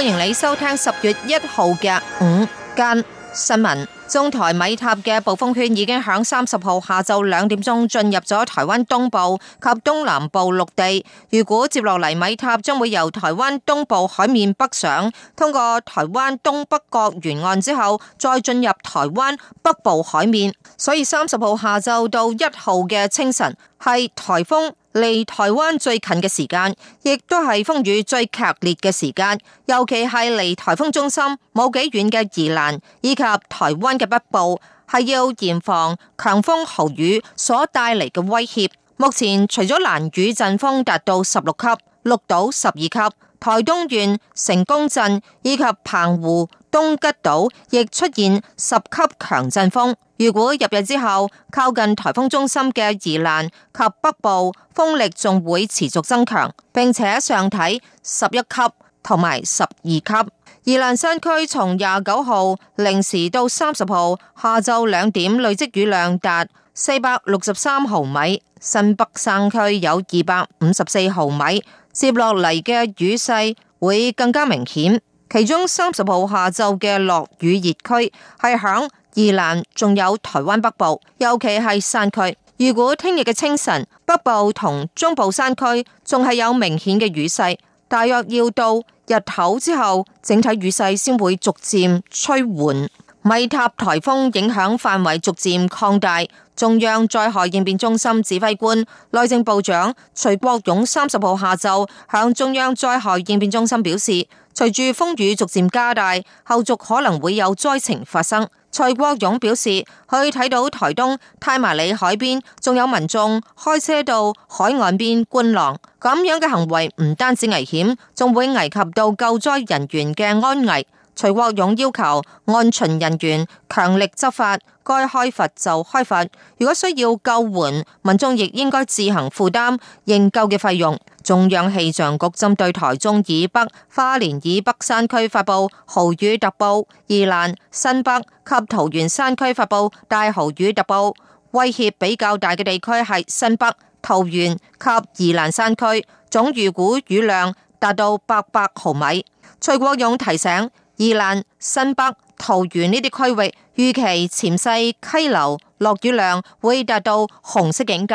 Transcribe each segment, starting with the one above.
歡迎你收聽十月一號嘅午間新聞。中台米塔嘅暴風圈已經響三十號下晝兩點鐘進入咗台灣東部及東南部陸地。如果接落嚟，米塔將會由台灣東部海面北上，通過台灣東北角沿岸之後，再進入台灣北部海面。所以三十號下晝到一號嘅清晨係颱風。離台灣最近嘅時間，亦都係風雨最劇烈嘅時間，尤其係離台風中心冇幾遠嘅宜蘭以及台灣嘅北部，係要嚴防強風豪雨所帶嚟嘅威脅。目前除咗蘭嶼陣風達到十六級，綠島十二級，台東縣成功鎮，以及澎湖，東吉島亦出現十級強陣風。如果入夜之後靠近台風中心嘅宜蘭及北部風力仲會持續增強，並且上睇十一級同埋十二級。宜蘭山區從廿九號零時到三十號下晝兩點累積雨量達四百六十三毫米，新北山區有二百五十四毫米。接落嚟嘅雨勢會更加明顯。其中三十號下晝嘅落雨熱區係響宜蘭，仲有台灣北部，尤其係山區。如果聽日嘅清晨，北部同中部山區仲係有明顯嘅雨勢，大約要到日頭之後，整體雨勢先會逐漸趨緩。米塔颱風影響範圍逐漸擴大，中央災害應變中心指揮官內政部長徐國勇三十號下晝向中央災害應變中心表示，隨住風雨逐漸加大，後續可能會有災情發生。徐國勇表示，佢睇到台東太麻里海邊仲有民眾開車到海岸邊觀浪，咁樣嘅行為唔單止危險，仲會危及到救災人員嘅安危。徐國勇要求安巡人員強力執法，該開罰就開罰。如果需要救援，民眾亦應該自行負擔應救嘅費用。中央氣象局針對台中以北、花蓮以北山區發布豪雨特報，宜蘭、新北及桃園山區發布大豪雨特報，威脅比較大嘅地區係新北、桃園及宜蘭山區，總預估雨量達到八百毫米。徐國勇提醒。宜蘭、新北、桃園呢啲區域，預期潛勢溪流落雨量會達到紅色警戒，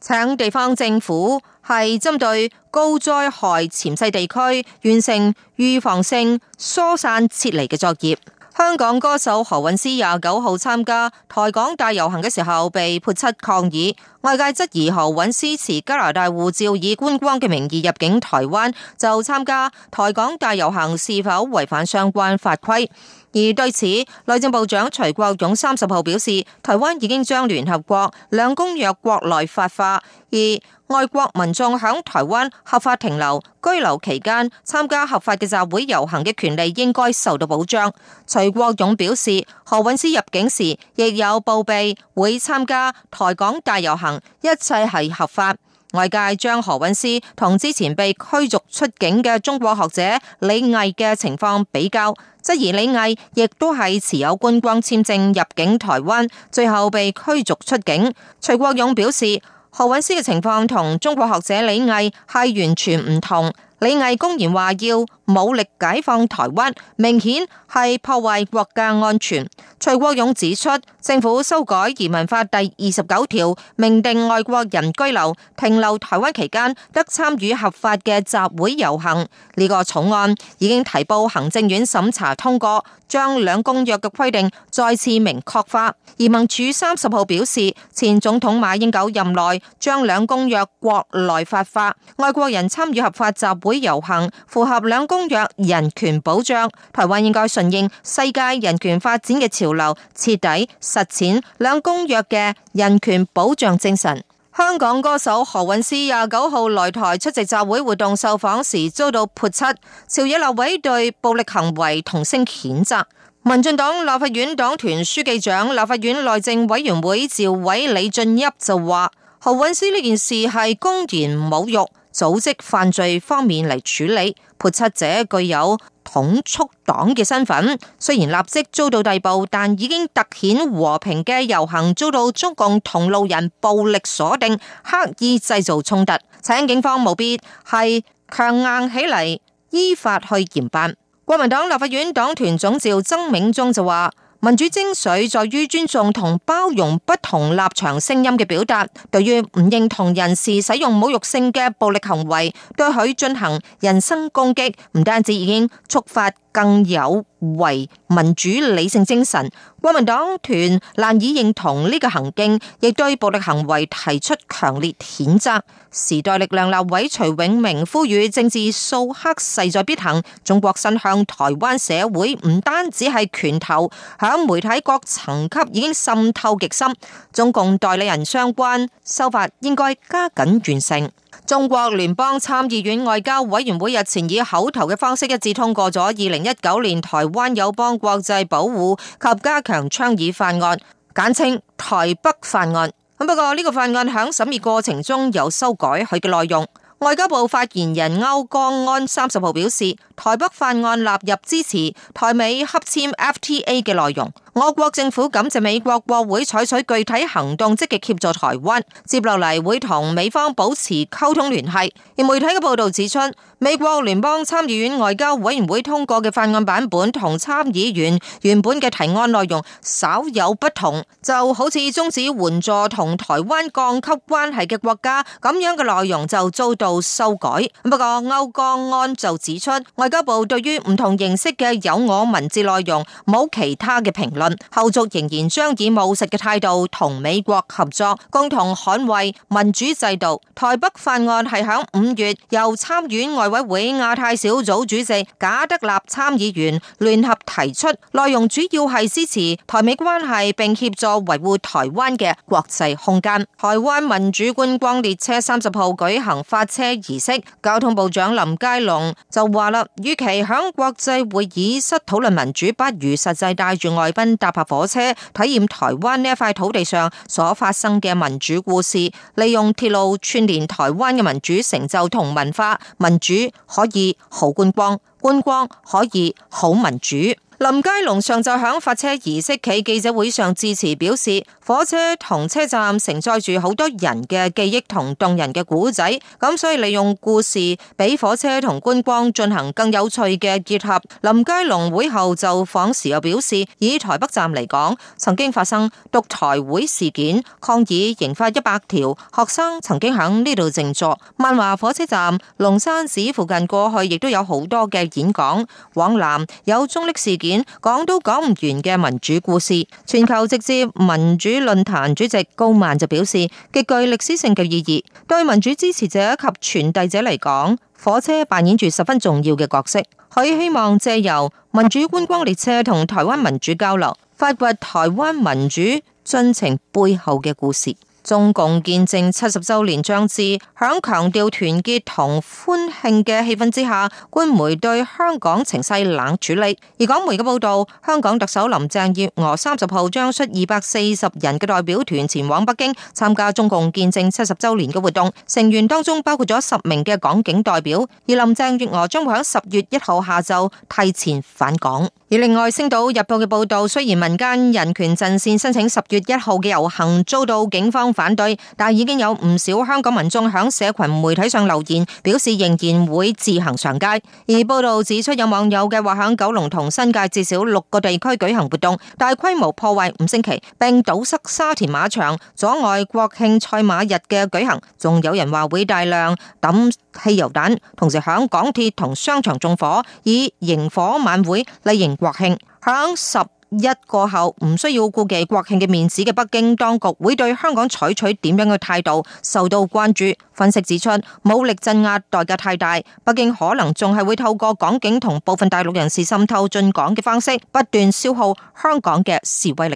請地方政府係針對高災害潛勢地區完成預防性疏散撤離嘅作業。香港歌手何韻詩廿九號參加台港大遊行嘅時候被潑漆抗議，外界質疑何韻詩持加拿大護照以觀光嘅名義入境台灣就參加台港大遊行是否違反相關法規。而對此，內政部長徐國勇三十號表示，台灣已經將聯合國兩公約國內法化，而外國民眾喺台灣合法停留、居留期間參加合法嘅集會遊行嘅權利應該受到保障。徐國勇表示，何韻詩入境時亦有報備，會參加台港大遊行，一切係合法。外界將何韻詩同之前被驅逐出境嘅中國學者李毅嘅情況比較，質疑李毅亦都係持有觀光簽證入境台灣，最後被驅逐出境。徐國勇表示，何韻詩嘅情況同中國學者李毅係完全唔同。李毅公然話要武力解放台灣，明顯係破壞國家安全。徐國勇指出，政府修改移民法第二十九條，明定外國人居留停留台灣期間得參與合法嘅集會遊行。呢、這個草案已經提報行政院審查通過，將兩公約嘅規定再次明確化。移民署三十號表示，前總統馬英九任內將兩公約國內法化，外國人參與合法集會遊行符合兩公約人權保障，台灣應該順應世界人權發展嘅潮流，徹底實踐兩公約嘅人權保障精神。香港歌手何韻詩廿九號來台出席集會活動受訪時遭到潑漆，朝野立委對暴力行為同聲譴責。民進黨立法院黨團書記長、立法院內政委員會召委李俊俋就話。何韻詩呢件事係公然侮辱、組織犯罪方面嚟處理，潑漆者具有統促黨嘅身份，雖然立即遭到逮捕，但已經凸顯和平嘅遊行遭到中共同路人暴力鎖定，刻意製造衝突，請警方務必係強硬起嚟，依法去嚴辦。國民黨立法院黨團總召曾銘宗就話。民主精髓，在於尊重同包容不同立場聲音嘅表達，對於唔認同人士使用侮辱性嘅暴力行為對佢進行人身攻擊，唔單止已經觸發，更有違。民主理性精神，國民黨團難以認同呢個行徑，亦對暴力行為提出強烈譴責。時代力量立委徐永明呼籲政治掃黑勢在必行。中國伸向台灣社會唔單止係拳頭，響媒體各層級已經滲透極深，中共代理人相關修法應該加緊完成。中國聯邦參議院外交委員會日前以口頭嘅方式一致通過咗二零一九年台灣友邦國際保護及加強倡議法案，簡稱台北法案。咁不過呢個法案響審議過程中有修改佢嘅內容。外交部發言人歐江安三十號表示。台北法案納入支持台美合簽 FTA 嘅內容，我國政府感謝美國國會採取具體行動，積極協助台灣。接落嚟會同美方保持溝通聯繫。而媒體嘅報道指出，美國聯邦參議院外交委員會通過嘅法案版本同參議院原本嘅提案內容稍有不同，就好似終止援助同台灣降級關係嘅國家咁樣嘅內容就遭到修改。不過歐江安就指出。外交部對於唔同形式嘅有我文字內容冇其他嘅評論，後續仍然將以務實嘅態度同美國合作，共同捍衛民主制度。台北法案係響五月由參院外委會亞太小組主席賈德納參議員聯合提出，內容主要係支持台美關係並協助維護台灣嘅國際空間。台灣民主觀光列車三十號舉行發車儀式，交通部長林佳龍就話啦。與其喺國際會議室討論民主，不如實際帶住外賓搭下火車，體驗台灣呢一塊土地上所發生嘅民主故事。利用鐵路串聯台灣嘅民主成就同文化，民主可以好觀光，觀光可以好民主。林佳龍上晝響發車儀式暨記者會上致辭，表示火車同車站承載住好多人嘅記憶同動人嘅故仔，咁所以利用故事俾火車同觀光進行更有趣嘅結合。林佳龍會後就訪時又表示，以台北站嚟講，曾經發生獨台會事件抗議，刑法一百條，學生曾經響呢度靜坐。萬華火車站、龍山寺附近過去亦都有好多嘅演講。往南有中壢事件。講都講唔完嘅民主故事，全球直接民主論壇主席高曼就表示，極具歷史性嘅意義。對民主支持者及傳遞者嚟講，火車扮演住十分重要嘅角色。佢希望借由民主觀光列車同台灣民主交流，發掘台灣民主進程背後嘅故事。中共建政七十周年將至，響強調團結同歡慶嘅氣氛之下，官媒對香港情勢冷處理。而港媒嘅報道，香港特首林鄭月娥三十號將率二百四十人嘅代表團前往北京參加中共建政七十周年嘅活動，成員當中包括咗十名嘅港警代表。而林鄭月娥將會喺十月一號下晝提前返港。而另外，《星島日報》嘅報道，雖然民間人權陣線申請十月一號嘅遊行遭到警方，反對，但已經有唔少香港民眾響社群媒體上留言，表示仍然會自行上街。而報道指出，有網友嘅話響九龍同新界至少六個地區舉行活動，大規模破壞五星旗，並堵塞沙田馬場，阻礙國慶賽馬日嘅舉行。仲有人話會大量抌汽油彈，同時響港鐵同商場縱火，以營火晚會嚟迎國慶。響十。一過後唔需要顧忌國慶嘅面子嘅，北京當局會對香港採取點樣嘅態度受到關注。分析指出，武力鎮壓代價太大，北京可能仲係會透過港警同部分大陸人士滲透進港嘅方式，不斷消耗香港嘅示威力。